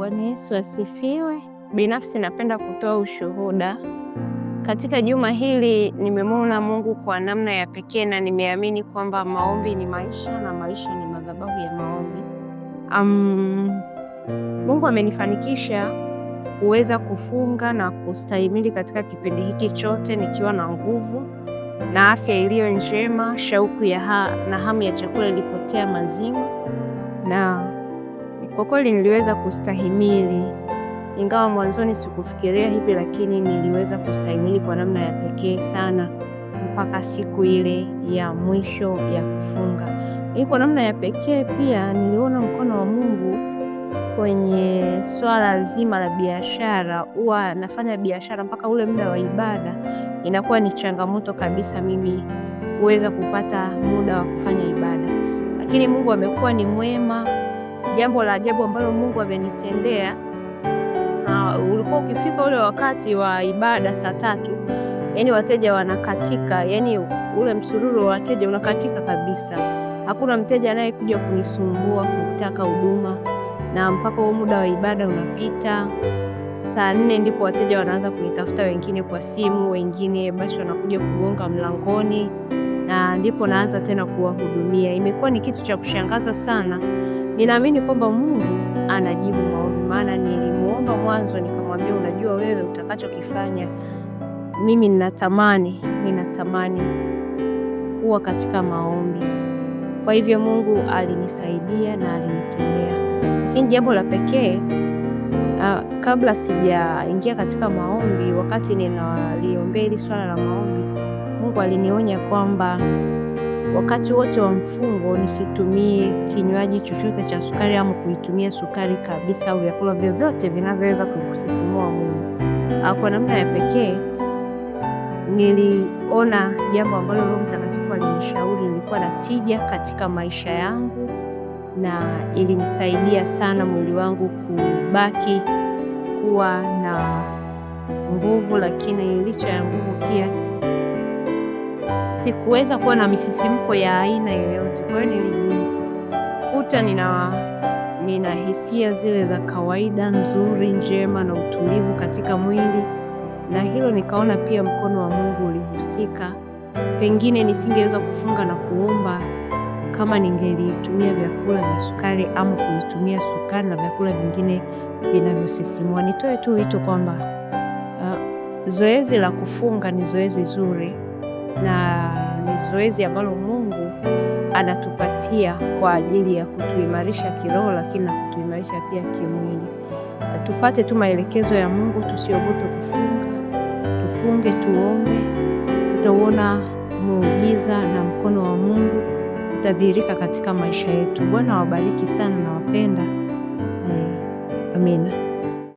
Bwana Yesu asifiwe. Binafsi napenda kutoa ushuhuda katika juma hili. Nimemwona Mungu kwa namna ya pekee na nimeamini kwamba maombi ni maisha na maisha ni madhabahu ya maombi. Um, Mungu amenifanikisha kuweza kufunga na kustahimili katika kipindi hiki chote nikiwa na nguvu na afya iliyo njema. Shauku ya ha na hamu ya chakula ilipotea mazimu na kwa kweli niliweza kustahimili, ingawa mwanzoni sikufikiria hivi, lakini niliweza kustahimili kwa namna ya pekee sana mpaka siku ile ya mwisho ya kufunga. Hii kwa namna ya pekee pia niliona mkono wa Mungu kwenye swala zima la biashara. Huwa nafanya biashara mpaka ule muda wa ibada, inakuwa ni changamoto kabisa mimi kuweza kupata muda wa kufanya ibada, lakini Mungu amekuwa ni mwema jambo la ajabu ambalo Mungu amenitendea. Na ulikuwa ukifika ule wakati wa ibada saa tatu, yani wateja wanakatika, yani ule msururu wa wateja unakatika kabisa. Hakuna mteja anayekuja kunisumbua kutaka huduma, na mpaka huo muda wa ibada unapita. Saa nne ndipo wateja wanaanza kunitafuta, wengine kwa simu, wengine basi wanakuja kugonga mlangoni, na ndipo naanza tena kuwahudumia. Imekuwa ni kitu cha kushangaza sana. Ninaamini kwamba Mungu anajibu maombi, maana nilimwomba mwanzo nikamwambia, unajua wewe utakachokifanya, mimi ninatamani ninatamani kuwa katika maombi. Kwa hivyo Mungu alinisaidia na alinitendea. Lakini jambo la pekee uh, kabla sijaingia katika maombi, wakati ninaliombea hili swala la maombi, Mungu alinionya kwamba Wakati wote wa mfungo nisitumie kinywaji chochote cha sukari ama kuitumia sukari kabisa au vyakula vyovyote vinavyoweza kukusisimua mwili. Ah, kwa namna ya pekee niliona jambo ambalo Roho Mtakatifu alinishauri lilikuwa na tija katika maisha yangu na ilinisaidia sana mwili wangu kubaki kuwa na nguvu, lakini licha ya nguvu pia sikuweza kuwa na misisimko ya aina yoyote. Kwa hiyo nilijikuta nina, nina hisia zile za kawaida nzuri, njema na utulivu katika mwili, na hilo nikaona pia mkono wa Mungu ulihusika. Pengine nisingeweza kufunga na kuomba kama ningelitumia vyakula vya sukari ama kuitumia sukari na vyakula vingine vinavyosisimua. Nitoe tu wito kwamba uh, zoezi la kufunga ni zoezi zuri na zoezi ambalo Mungu anatupatia kwa ajili ya kutuimarisha kiroho, lakini na kutuimarisha pia kimwili. Tufate tu maelekezo ya Mungu, tusiogope kufunga. Tufunge, tuombe, tutauona muujiza na mkono wa Mungu utadhihirika katika maisha yetu. Bwana wabariki sana na wapenda. Amina.